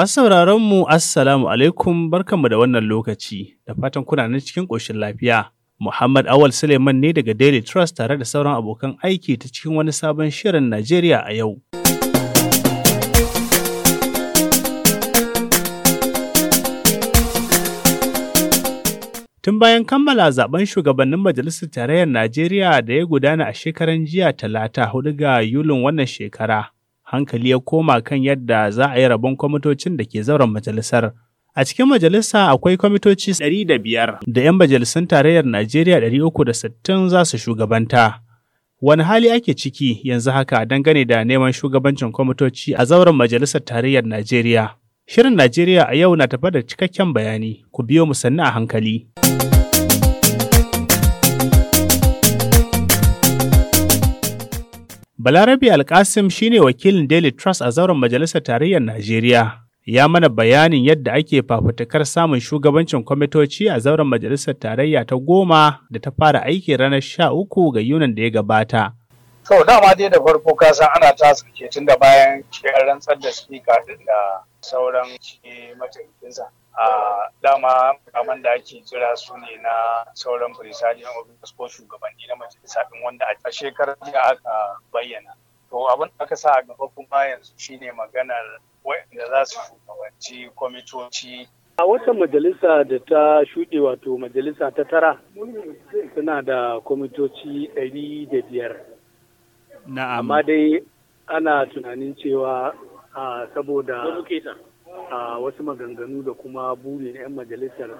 Masu sauraronmu mu Assalamu alaikum barkanmu da wannan lokaci da fatan kuna nan cikin ƙoshin lafiya. Muhammad Awal Suleiman ne daga Daily Trust tare da sauran abokan aiki ta cikin wani sabon shirin Najeriya a yau. Tun bayan kammala zaben shugabannin Majalisar Tarayyar Najeriya da ya gudana a shekaran jiya talata hudu ga Yulin wannan shekara, hankali ya koma kan yadda za a yi rabon kwamitocin da ke zauren majalisar. A cikin majalisa akwai kwamitoci 500 da 'yan majalisun tarayyar Najeriya 360 za su shugabanta. Wani hali ake ciki yanzu haka dangane da neman shugabancin kwamitoci a zauren majalisar tarayyar Najeriya. Shirin Najeriya a yau na tafa da cikakken bayani, ku biyo mu sannu a hankali. Balarabe Alkasim ne wakilin Daily Trust a zauren Majalisar Tarayyar Najeriya. Ya mana bayanin yadda ake fafutukar samun shugabancin kwamitoci a zauren Majalisar Tarayya ta goma da ta fara aiki ranar sha uku ga Yunan da ya gabata. sau dama dai da farko kasan ana ta tun da bayan rantsar da spika da sauran mataimakinsa. a dama kaman da ake jira su ne na sauran presiding officers ko shugabanni na majalisa ɗin wanda a shekarar jiya aka bayyana to abin da aka sa a gaba kuma yanzu shine maganar wanda za su shugabanci kwamitoci a wata majalisa da ta shuɗe wato majalisa ta tara suna da kwamitoci ɗari da biyar amma dai ana tunanin cewa saboda a wasu maganganu da kuma buri 'yan majalisar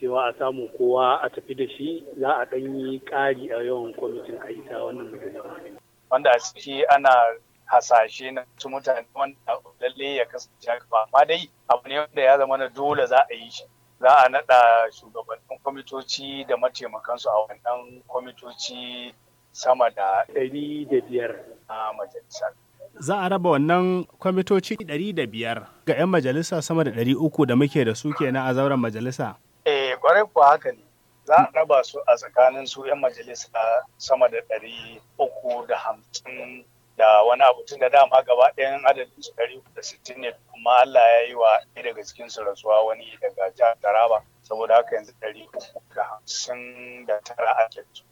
cewa a samu kowa a tafi da shi za a ɗan yi ƙari a yawan kwamitin a ita wannan majalisar. Wanda a ciki ana hasashe na su mutane wanda lalle ya kasance a ba amma dai abu ne wanda ya zama na dole za a yi shi za a naɗa shugabannin kwamitoci da mataimakansu a wannan kwamitoci sama da ɗari da biyar a majalisar. za a raba wannan kwamitoci 500 ga 'yan majalisa sama da 300 da muke da su na a zauren majalisa? Eh, kwarai kuwa haka ne. Za a raba su a tsakanin su 'yan majalisa sama da 300 da hamsin da wani abu tun da dama gaba ɗayan adadin su 360 ne kuma Allah ya yi wa ɗaya daga cikin su rasuwa wani daga jihar Taraba saboda haka yanzu 359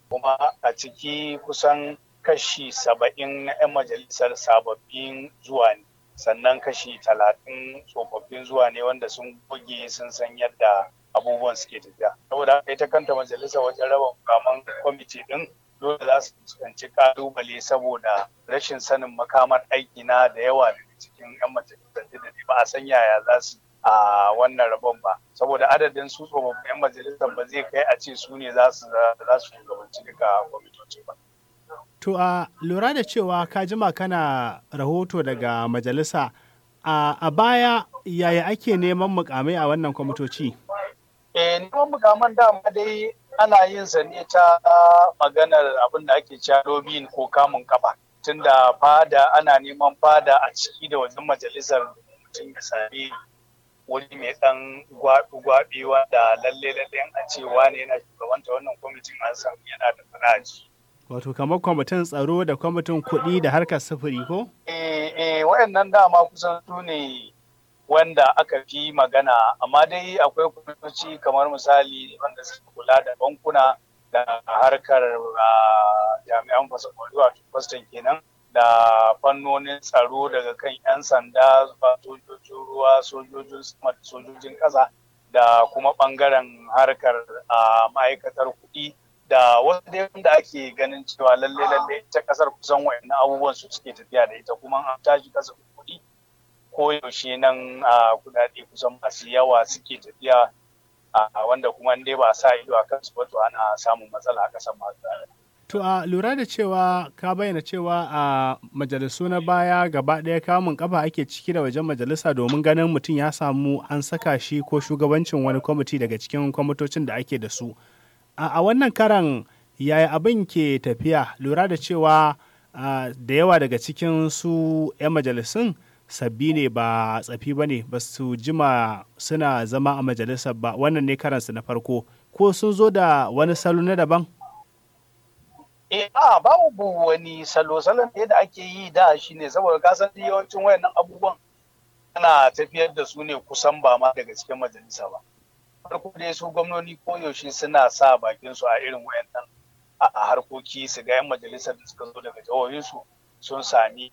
kuma a ciki kusan kashi saba'in na 'yan majalisar sababbin zuwa ne sannan kashi talatin tsofaffin zuwa ne wanda sun goge sun san yadda abubuwan suke tafiya saboda haka ita kanta majalisa wajen raba kaman kwamiti din dole za su fuskanci kalubale saboda rashin sanin makamar aiki na da yawa daga cikin 'yan majalisar da ba a san yaya za su a wannan rabon ba saboda adadin su tsofaffin 'yan majalisar ba zai kai a ce su ne za su shugabanci duka kwamitocin ba To a lura da cewa ka jima kana rahoto daga majalisa a baya yaya ake neman mukamai a wannan kwamitoci? Eh, neman mukaman dama dai ana yin zane ta maganar abin da ake cewa ko kamun kafa. Tunda fada ana neman fada a ciki da wajen majalisar mutum ya sami wuri mai ɗan gwaɓi lallai wanda lalle lalle a ce wane na shugabanta wannan kwamitin an samu yana da faraji wato kamar kwamitin tsaro da kwamitin kuɗi da harkar sufuri ko? eh eh waɗannan dama kusan su ne wanda aka fi magana amma dai akwai kwamitoci kamar misali wanda suka kula da bankuna da harkar ah, jami'an fasakwaru wato kwastan kenan da fannonin tsaro daga kan 'yan sanda zuwa sojojin ruwa sojojin sama da sojojin ƙasa da kuma ɓangaren harkar ah, ma'aikatar kuɗi da wasu dai da ake ganin cewa lalle lalle ta kasar kusan wa'annan abubuwan su suke tafiya da ita kuma an tashi kasar kuɗi ko yaushe nan a kudade kusan masu yawa suke tafiya wanda kuma dai ba sa ido a kansu ba to ana samun matsala a kasar masu To a lura da cewa ka bayyana cewa a majalisu na baya gaba ɗaya kamun kafa ake ciki da wajen majalisa domin ganin mutum ya samu an saka shi ko shugabancin wani kwamiti daga cikin kwamitocin da ake da su. a wannan karan yaya abin ke tafiya lura da cewa da yawa daga cikin su 'yan majalisun sabbi ne ba tsafi ba ne ba su jima suna zama a majalisa ba wannan ne karansu na farko ko sun zo da wani salo na daban? Eh, a babu wani salo salon da ake yi da shi ne saboda kasan yawancin wayannan abubuwan ana tafiyar da su ne kusan ba ma daga cikin majalisa ba. farko dai su gwamnoni koyaushe suna sa bakin su a irin wayannan a harkoki su ga 'yan majalisar da suka zo daga jihohinsu sun sami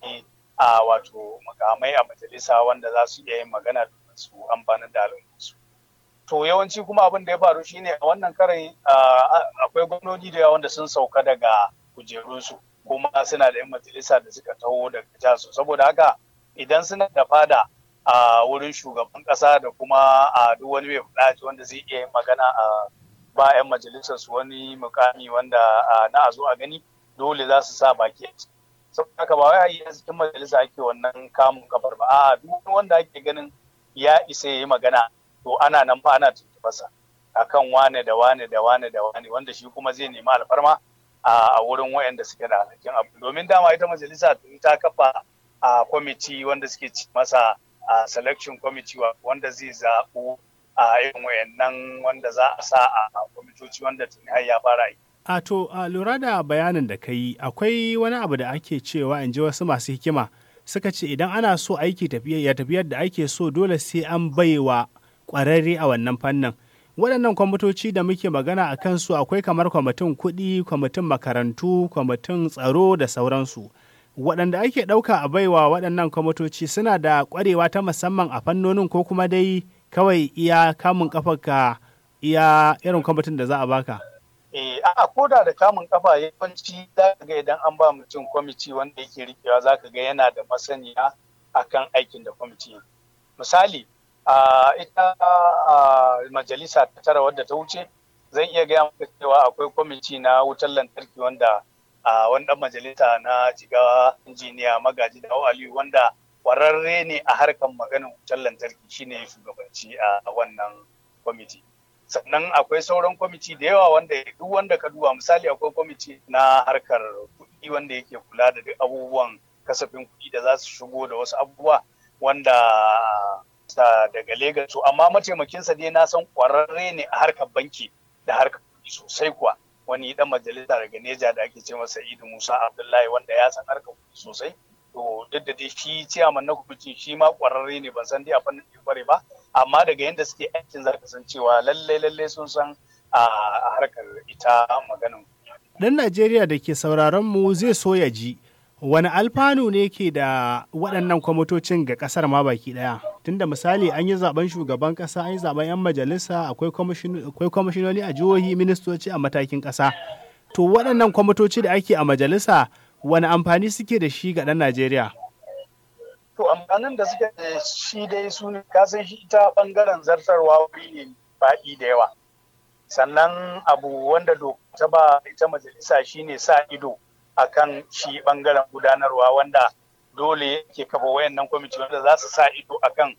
a wato makamai a majalisa wanda za su iya yin magana domin su amfanin da al'ummarsu. To yawanci kuma abin da ya faru shine a wannan karai akwai gwamnoni da yawa wanda sun sauka daga kujerunsu kuma suna da 'yan majalisa da suka taho daga jasu saboda haka idan suna da fada a wurin shugaban kasa da kuma a duk wani mai fadaci wanda zai iya yin magana a bayan majalisar su wani mukami wanda na a zo a gani dole za su sa baki a ciki saboda haka ba wai a yi cikin majalisa ake wannan kamun kafar ba a duk wanda ake ganin ya isa ya yi magana to ana nan fa ana A kan wane da wane da wane da wane wanda shi kuma zai nemi alfarma a wurin wayanda suke da alhakin abu domin dama ita majalisa ta kafa a kwamiti wanda suke ci masa a selection committee wanda zai zaɓo a yin wayannan wanda za a sa a kwamitoci wanda tuni har ya fara yi. A to, a lura da bayanin da ka yi, akwai wani abu da ake cewa in ji wasu masu hikima suka ce idan ana so aiki ya tafi yadda ake so dole sai an baiwa ƙwararre a wannan fannin. Waɗannan kwamitoci da muke magana a kansu akwai kamar kwamitin kuɗi, kwamitin makarantu, kwamitin tsaro da sauransu. waɗanda ake ɗauka a baiwa waɗannan kwamitoci suna da ƙwarewa ta musamman a fannonin ko kuma dai kawai iya kamun ka iya irin kwamitin da za a baka? Eh, a koda da kamun kafa yawanci za ka ga idan an ba mutum kwamiti wanda yake rikewa za ka ga yana da masaniya kan aikin da kwamiti misali ita majalisa ta tara wadda ta wuce zan iya gaya maka cewa akwai kwamiti na wutar lantarki wanda a wani dan majalisa na jigawa injiniya magaji da aliyu wanda kwararre ne a harkar maganin wutar lantarki shine shugabanci a wannan kwamiti sannan akwai sauran kwamiti da yawa wanda duk wanda ka duba misali akwai kwamiti na harkar kuɗi wanda yake kula da abubuwan kasafin kuɗi da za su shigo da wasu abubuwa wanda daga Legas amma mataimakinsa dai na san kwararre ne a harkar banki da harkar kuɗi sosai kuwa wani dan majalisa daga neja da ake ce masa idu musa abdullahi wanda ya san harkar kuɗi sosai to duk da dai shi ciyaman na kuɗi shi ma kwararre ne ban san dai a fannin kware ba amma daga yadda suke aikin za ka san cewa lallai lallai sun san a harkar ita maganin dan najeriya da ke sauraron mu zai so ya ji wani alfanu ne ke da waɗannan kwamitocin ga ƙasar ma baki ɗaya tunda misali an yi zaben shugaban kasa an yi zaben 'yan majalisa akwai kwamishinoli a jihohi ministoci a matakin kasa to waɗannan kwamitoci da ake a majalisa wani amfani suke da shi ga ɗan najeriya to amfanin da suke da shi dai su ne kasan shi ita ɓangaren zartarwa wuri ne faɗi da yawa sannan abu wanda doka ta ba ita majalisa shine sa ido akan shi ɓangaren gudanarwa wanda dole ke kafa wayannan kwamiti wanda za su sa ido akan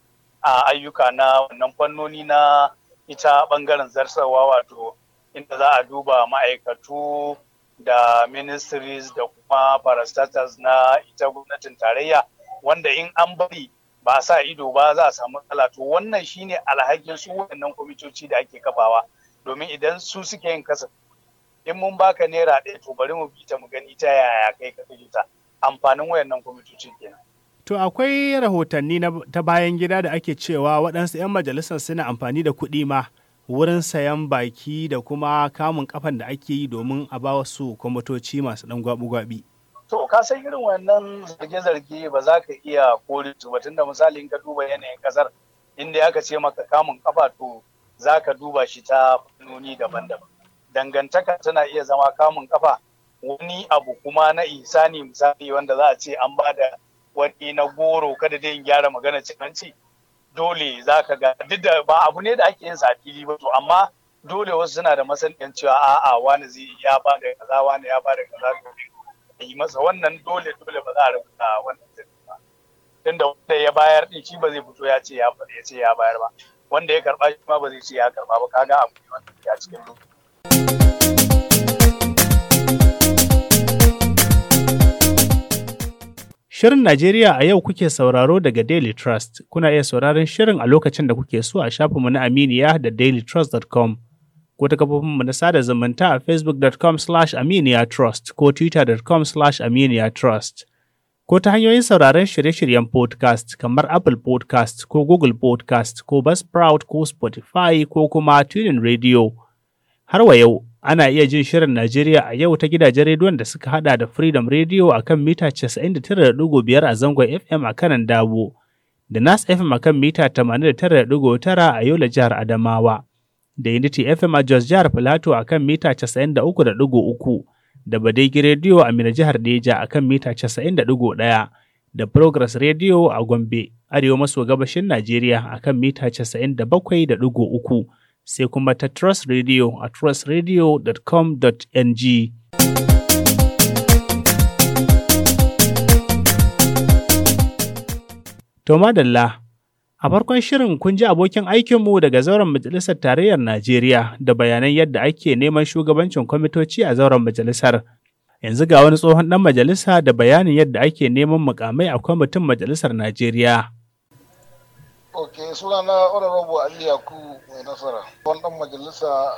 ayyuka na wannan fannoni na ita bangaren zartarwa wato inda za a duba ma'aikatu da ministries da kuma parastatas na ita gwamnatin tarayya wanda in an bari ba sa ido ba za a samu matsala to wannan shine alhakin su wayannan kwamitoci da ake kafawa domin idan su suke yin kasa in mun baka naira ɗaya to bari mu bi ta mu gani ta yaya kai ka ta amfanin wayannan kwamitocin kenan. To akwai rahotanni ta bayan gida da ake cewa waɗansu 'yan majalisar suna amfani da kuɗi ma wurin sayan baki da kuma kamun kafan da ake yi domin a ba wasu kwamitoci masu ɗan gwabi-gwabi. To ka san irin wannan zarge-zarge ba za ka iya kore su ba tunda misali in ka duba yanayin kasar inda aka ce maka kamun kafa to za ka duba shi ta fannoni daban-daban. Dangantaka tana iya zama kamun kafa wani abu kuma na isani misali wanda za a ce an ba da wani na goro kada dai in gyara magana cin ce dole za ka ga duk da ba abu ne da ake yin sa fili ba to amma dole wasu suna da masaniyan cewa a'a wani zai ya ba da kaza wani ya ba da kaza dole yi masa wannan dole dole ba za a rubuta wannan ba tunda wanda ya bayar din shi ba zai fito ya ce ya ya ce ya bayar ba wanda ya karba shi ma ba zai ce ya karba ba kaga abu ne wanda ya cikin lokaci Shirin Najeriya a yau kuke sauraro daga Daily Trust. Kuna iya sauraron shirin a lokacin da kuke so a shafinmu na Aminiya da dailytrust.com ko ta kafofinmu na sada zumunta a facebook.com slash aminiya trust ko twitter.com slash aminiya trust ko ta hanyoyin sauraron shirye-shiryen podcast kamar Apple podcast ko Google podcast ko Buzzsprout ko Spotify ko kuma Tuning Radio. Har wa yau, Ana iya jin Shirin Najeriya a yau ta gidajen rediyon da suka hada da Freedom Radio a kan mita 99.5 a zangon FM a kanan Dabo, da Nas FM a kan mita 89.9 a Yola jihar Adamawa, da Unity FM a Jos jihar Filato a kan mita 93.3, da Badegi Radio a Mina jihar Deja a kan mita 91, da Progress Radio a Gombe, arewa maso gabashin Najeriya a kan mita 97.3. sai kuma ta Trust Radio a trustradio.com.ng. To madalla, a farkon shirin kun ji abokin aikinmu daga zauren Majalisar Tarayyar Najeriya da bayanan yadda ake neman shugabancin kwamitoci a zauren majalisar. Yanzu ga wani tsohon ɗan majalisa da bayanin yadda ake neman mukamai a kwamitin Majalisar Najeriya. ok sunana honorable ali mai nasara wani 'dan majalisa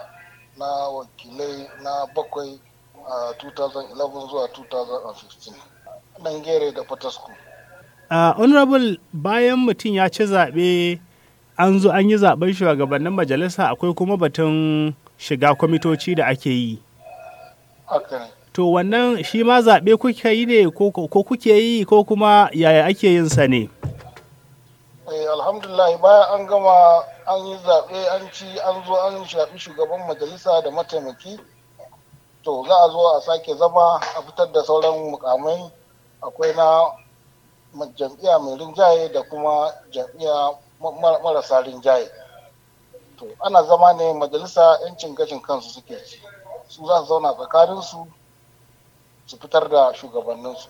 na wakilai na bakwai a 2011 zuwa 2015 gere da fatasku uh, honorable bayan mutum ya ci zaɓe an zo an yi zaɓen shugabannin majalisa akwai kuma batun shiga kwamitoci da ake yi okay. to wannan shi ma zaɓe kuke yi ne ko kuke yi ko kuma yaya ake yin sa ne alhamdulillah bayan an gama an yi zaɓe an ci an zo an shafi shugaban majalisa da mataimaki to za a zo a sake zama a fitar da sauran mukamai akwai na jam'iyya mai rinjaye da kuma jam'iyya marasa rinjaye to ana zama ne majalisa 'yancin gashin kansu suke su za su zauna tsakaninsu su fitar da shugabanninsu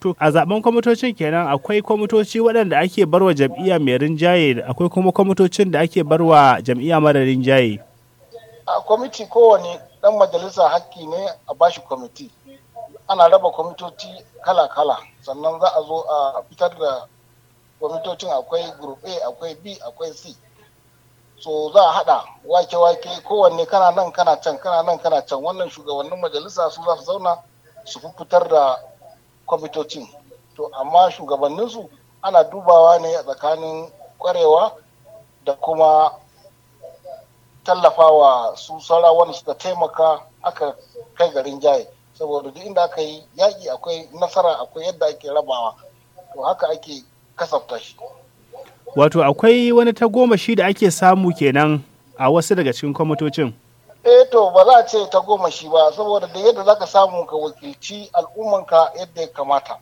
To a zaben kwamitocin kenan akwai kwamitoci waɗanda ake barwa jam'iyya mai rinjaye akwai kuma kwamitocin da ake barwa jam'iyya mara rinjaye. A kwamiti kowane ɗan majalisa hakki ne a bashi kwamiti. Ana raba kwamitoci kala-kala sannan za a zo a fitar da kwamitocin akwai group A akwai B akwai C. so za a haɗa wake-wake kowanne kana nan kana can kana nan kana can wannan shugabannin majalisa su za su zauna su fitar da kwamitocin to amma shugabanninsu ana dubawa ne a tsakanin kwarewa da kuma tallafawa su saura su suka taimaka aka kai garin jaye saboda duk inda aka yi yaƙi akwai nasara akwai yadda ake rabawa to haka ake kasafta shi wato akwai wani tagomashi da ake samu kenan a wasu daga cikin kwamitocin eh to ba za a ce ta goma shi ba saboda da yadda za ka samu ka wakilci al'ummanka yadda ya kamata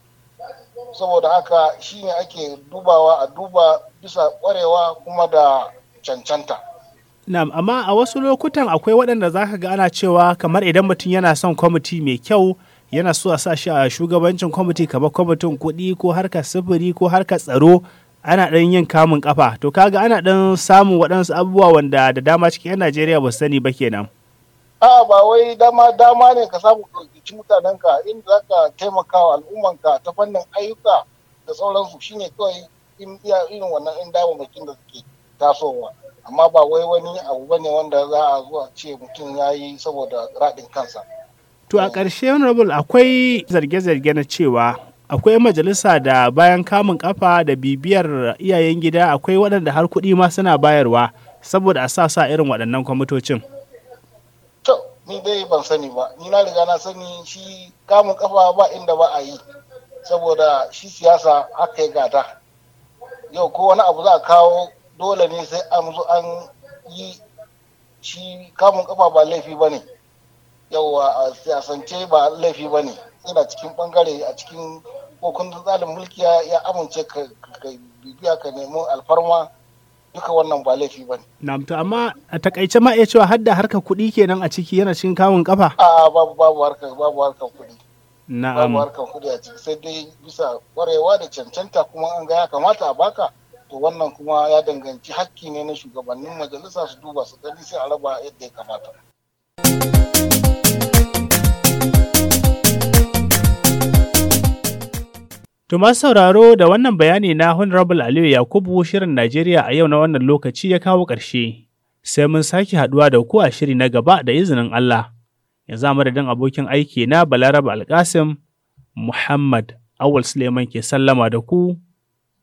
saboda haka shi ne ake dubawa a duba bisa kwarewa kuma da cancanta Na'am, amma a wasu lokutan akwai waɗanda za ka ga ana cewa kamar idan mutum yana son kwamiti mai kyau yana so a sa shi a shugabancin kwamiti kamar kwamitin kuɗi ko harkar sufuri ko harkar tsaro ana ɗan yin kamun kafa to kaga ana ɗan samun waɗansu abubuwa wanda da dama cikin 'yan najeriya ba sani ba kenan a ba wai dama dama ne ka samu ɗauki mutanenka inda za ka taimaka wa ka ta fannin ayyuka da sauransu shine kawai in iya irin wannan in damammakin da suke tasowa amma ba wai wani abu bane wanda za a zuwa ce mutum ya yi saboda raɗin kansa to a ƙarshe honorable akwai zarge-zarge na cewa akwai majalisa da bayan kamun kafa da bibiyar iyayen gida akwai waɗanda har kuɗi ma suna bayarwa saboda a sa sa irin waɗannan kwamitocin. To, ni dai ban sani ba, ni na riga na sani shi kamun kafa ba inda ba a yi, saboda shi siyasa haka ya gata Yau ko wani abu za a kawo dole ne sai an zo an yi shi kamun kafa ba laifi ba ne. Yauwa a siyasance ba laifi ba ne, yana cikin bangare a cikin ko kundin tsarin mulki ya amince ka bibiya ka nemi alfarma duka wannan ba laifi ba ne. Na'am to amma a takaice ma iya cewa har harkar kuɗi kenan a ciki yana cikin kawun kafa? A'a babu babu harkar babu harkar kuɗi. Na'am. Babu harkar kuɗi a ciki sai dai bisa kwarewa da cancanta kuma an ga ya kamata a baka to wannan kuma ya danganci hakki ne na shugabannin majalisa su duba su gani sai a raba yadda ya kamata. To masu sauraro da wannan bayani na Honorable Aliyu Yakubu shirin Najeriya a yau na wannan lokaci ya kawo ƙarshe. Sai mun sake haɗuwa da ku a shiri na gaba da izinin Allah. Yanzu a madadin abokin aiki na Balaraba Alƙasim Muhammad Awul Suleiman ke sallama da ku,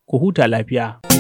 ku huta lafiya.